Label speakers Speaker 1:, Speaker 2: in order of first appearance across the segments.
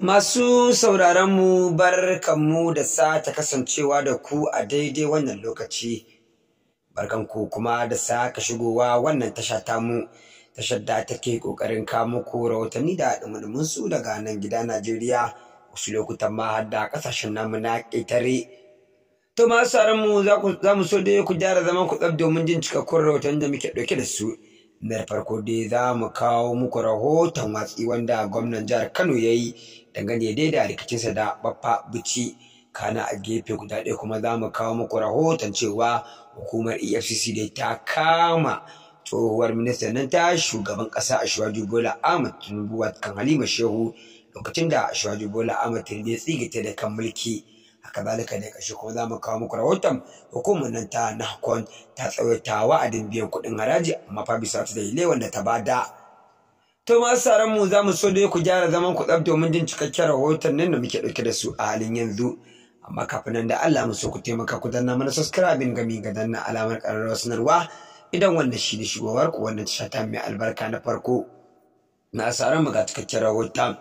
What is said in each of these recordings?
Speaker 1: Masu sauraronmu kanmu da sata kasancewa da ku a daidai wannan lokaci. Barkanku kuma da saka shigowa wannan tasha tamu, tashar da take kokarin kamo ko rahotanni da su daga nan gida Najeriya, wasu lokutan ma har da ƙasashen namu na ƙetare. To masu sauranmu za mu so dai ku gyara zaman ku tsaf domin jin cikakkun rahotanni da muke ɗauke da su. da farko dai za mu kawo muku rahoton watsi wanda gwamnan jihar kano ya yi dangane dai da rikicinsa da baffa buci kana a gefe guda ɗaya kuma za mu kawo muku rahoton cewa hukumar efcc da ta kama tsohuwar ministan nan ta shugaban ƙasa a shuwaju bola ahmad tinubu kan halima shehu lokacin da shuwaju bola ahmad tinubu ya tsigita da kan mulki kazalika ne kashi kuma za mu kawo muku rahoton hukumar nan ta nahkon ta tsawaita wa'adin biyan kuɗin haraji amma fa bisa ta dalilai wanda ta bada to ma saran mu za mu so dai ku gyara zaman ku tsaf domin jin cikakken rahoton nan da muke ɗauke da su a halin yanzu amma kafin nan da Allah mu so ku taimaka ku danna mana subscribing gami ga danna alamar ƙararrawar sanarwa idan wannan shi ne shigowar ku wannan tasha ta mai albarka na farko na saran mu ga cikakken rahoton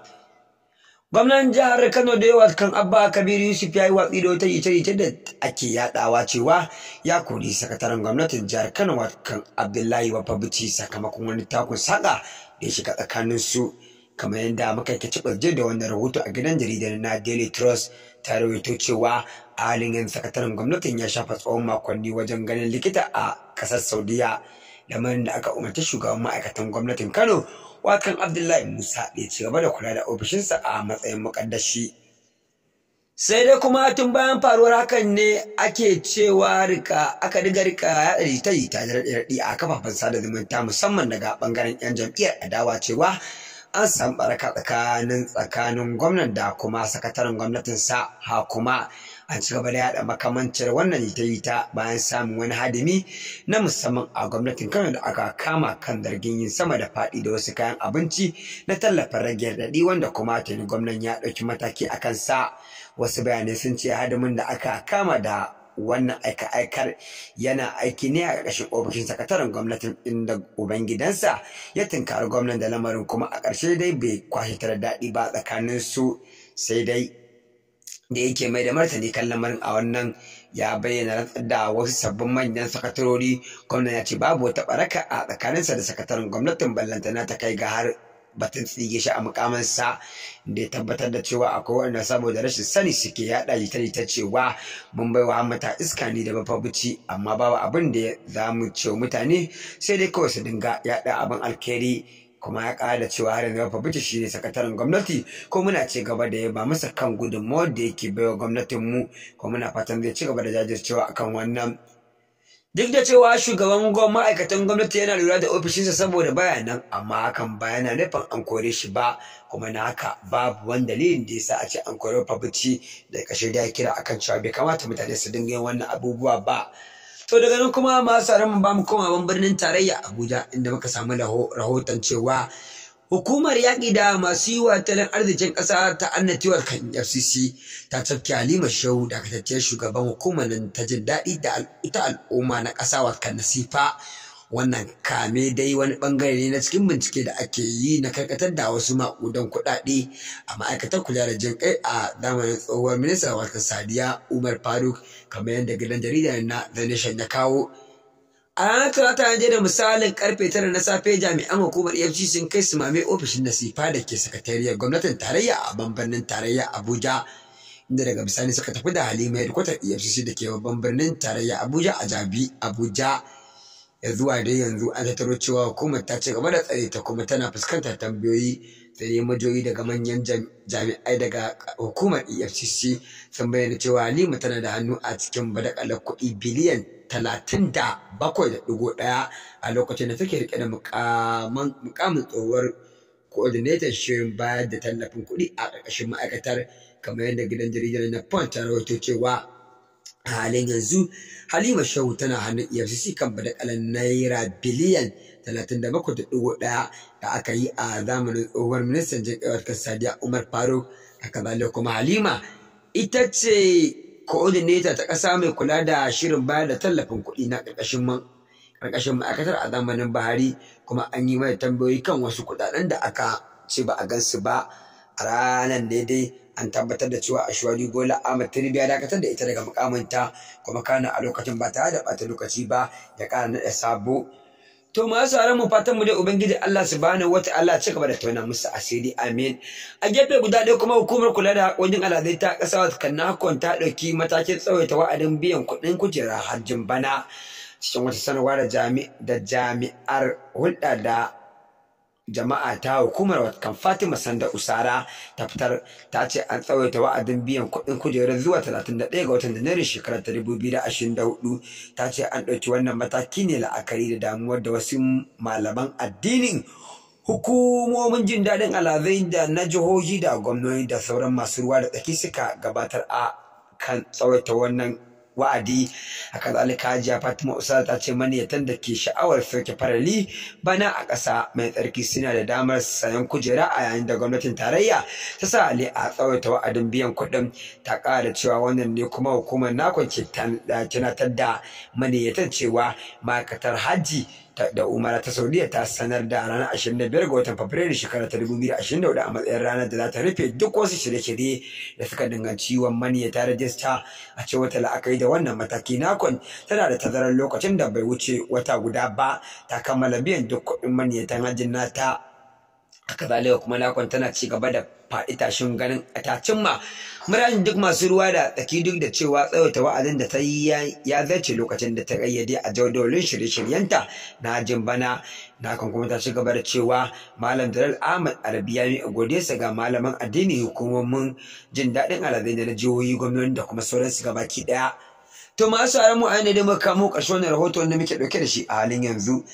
Speaker 1: gwamnan jihar kano da yawa kan abba kabir yusuf ya yi watsi da wata jita-jita da ake yadawa cewa ya kori sakataren gwamnatin jihar kano kan abdullahi wa wafabici sakamakon wani takun saka da ya shiga tsakanin su kamar yadda muka ke ci da wannan rahoto a gidan jaridar na daily trust ta rawaito cewa halin yan sakataren gwamnatin ya shafa tsawon makonni wajen ganin likita a kasar saudiya lamarin da aka umarci shugaban ma'aikatan gwamnatin kano watan Abdullahi Musa ya ci gaba da kula da ofishinsa a matsayin mukaddashi. Sai dai kuma tun bayan faruwar hakan ne ake cewa rika aka riga rika ya ɗari ta yi ta a kafafen sada zumunta musamman daga ɓangaren 'yan jam'iyyar adawa cewa an san baraka tsakanin tsakanin gwamnan da kuma sakataren gwamnatin sa, ha kuma an ci gaba da yada makamancin wannan ita ita bayan samun wani hadimi na musamman a gwamnatin kano da aka kama kan dargin yin sama da faɗi da wasu kayan abinci na tallafin rage daɗi, wanda kuma tuni gwamnan ya ɗauki mataki akan sa, wasu bayanai sun ce hadimin da aka kama da wannan aika-aikar yana aiki ne a ƙarƙashin ofishin sakataren gwamnatin inda ubangidansa ya tunkari gwamnan da lamarin kuma a ƙarshe dai bai kwashe tare daɗi ba tsakanin su sai dai da yake mai da martani kan lamarin a wannan ya bayyana rantsar da wasu sabbin manyan sakatarori gwamnan ya ce babu wata ɓaraka a tsakaninsa da sakataren gwamnatin ballantana ta kai ga har batun tsige shi a mukamansa da ya tabbatar da cewa akwai wanda saboda rashin sani suke yaɗa lita ta cewa mun baiwa mata iska ne da mafabuci amma babu abin da za mu ce mutane sai dai kawai su dinga yaɗa abin alkhairi kuma ya ƙara cewa har yanzu mafabuci shi ne sakataren gwamnati ko muna ci gaba da ya ba masa kan gudunmawar da yake baiwa gwamnatinmu ko muna fatan zai ci gaba da jajircewa akan wannan duk da cewa shugaban ma'aikatan gwamnati yana lura da ofishinsa saboda bayanan amma hakan ba yana nufin an kore shi ba kuma na haka babu wani dalilin da yasa a ce an kore fabici da kashe da kira akan cewa bai kamata mutane su dinga yin wannan abubuwa ba to daga nan kuma masu mu ba mu koma birnin tarayya abuja inda muka samu rahoton cewa Hukumar yaƙi da masu yi wa tattalin arzikin ƙasa ta annatiwar kan FCC ta tafki Halima Shehu dakatacciyar shugaban hukumar ta jin daɗi da ta al'umma na ƙasa kan nasifa. Wannan kame dai wani bangare ne na cikin bincike da ake yi na karkatar da wasu maƙudan kuɗaɗe a ma'aikatar kula da jin kai a zamanin tsohuwar ministan harkar Sadiya Umar Faruk kamar yadda gidan jaridar na The Nation ya kawo. a ranar talata an je da misalin karfe tara na safe jami'an hukumar efcc sun kai su mame ofishin nasifa da ke sakatariyar gwamnatin tarayya a bambanin tarayya abuja inda daga misali suka tafi da halima hedkwatar efcc da ke babban birnin tarayya abuja a jabi abuja ya zuwa dai yanzu an tattaro cewa hukumar ta ci gaba da tsare ta kuma tana fuskantar tambayoyi ne majoyi daga manyan jami'ai daga hukumar efcc sun bayyana cewa halima tana da hannu a cikin badakalar kuɗi biliyan talatin da bakwai da ɗigo ɗaya a lokacin da take rike da mukamin tsohuwar coordinator shirin bayar da tallafin kuɗi a ƙarƙashin ma'aikatar kamar yadda gidan jaridar na point ta rawaito cewa a halin yanzu halima shehu tana hannun efcc kan badakalan naira biliyan talatin da bakwai da da ɗigo ɗaya, aka yi a zamanin tsohuwar ministan jirgin sadiya umar faruk a kazalika kuma halima ita ce coordinator ta ƙasa mai kula da shirin bayar da tallafin kuɗi na ƙarƙashin ma'aikatar a zamanin Buhari kuma an yi mai tambayoyi kan wasu kuɗaɗen da aka ce ba a gansu ba a ranar daidai an tabbatar da cewa Ashwari Bola Ahmed Tinubu ya dakatar da ita daga mukamanta kuma kana a lokacin ba tare da ɓata lokaci ba ya ƙara naɗa sabo to ma ran mu fatan mu dai ubangiji Allah subhanahu allah ya cigaba da tauna musu asiri amin a gefe guda ɗaya kuma hukumar kula da hakokin alhazai ta kan na hakon ta ɗauki matakin tsawaita wa'adin biyan kuɗin kujera harjin bana cikin wata sanarwa da jami'ar hulɗa da jama'a ta hukumar watkan Fatima Sanda Usara ta fitar ta ce an tsawaita wa'adin biyan kuɗin kujerar zuwa 31 ga watan Janairun shekarar 2024 ta ce an ɗauki wannan mataki ne la'akari da damuwar da wasu malaman addinin hukumomin jin daɗin alazai da na jihohi da gwamnoni da sauran masu ruwa da tsaki suka gabatar a kan tsawaita wannan wa'adi haka zalika hajiya fatima usal ta ce maniyatan da ke sha'awar soke farali bana a ƙasa mai tsarki suna da damar sayan kujera a yayin da gwamnatin tarayya ta sa ali a tsawaita wa'adin biyan kuɗin ta ƙara cewa wannan ne kuma hukumar nakon ke tunatar da maniyatan cewa ma'aikatar hajji da Umar ta saudiya ta sanar da ranar 25 ga watan fabrairu shekara ta 2024 a matsayin ranar da za ta rufe duk wasu shirye-shirye da suka danganci wa ta rajista a ce wata la'akari da wannan mataki nakon tana da tazarar lokacin da bai wuce wata guda ba ta kammala biyan duk kuɗin maniyatan hajjin nata haka zalika kuma lakon tana ci gaba da faɗi tashin ganin a tacin ma muradin duk masu ruwa da tsaki duk da cewa tsawaita wa'azin da ta yi ya zarce lokacin da ta kayyade a jadawalin shirye-shiryenta na jin bana na kan kuma ta ci gaba da cewa malam dalal ahmad arabiya ne a godiyarsa ga malaman addini hukumomin jin daɗin alazai da na jihohi gwamnati da kuma sauransu ki ɗaya to masu mu a yanayi da muka kamo ƙarshen rahoton da muke ɗauke da shi a halin yanzu